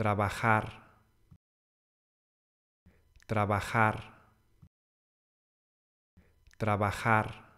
trabajar, trabajar, trabajar.